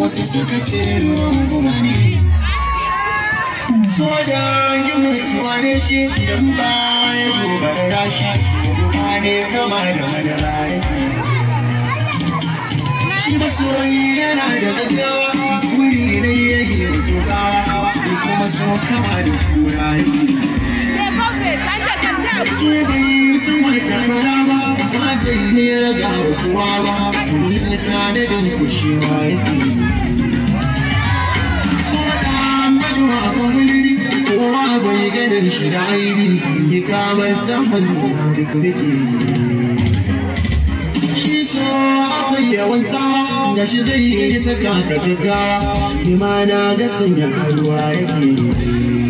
Wasu suka ce ne, sojan yi mutuwa ne shi idan baya gobar rashi, runguma ne kama da madara ke. Shi masoyi yana da gaggawa, wuri na yake su kawa, kuma sun kama da kura yake. wawa da yin tanadin kushewa yake Sura Ahmadu wa kawuliri kowa bai ganin shi da aibi yi kamar saman duk rike Shi so akwai yawan sawa ga shi zai yi saka ka gaggawa, imana ga ya karuwa yake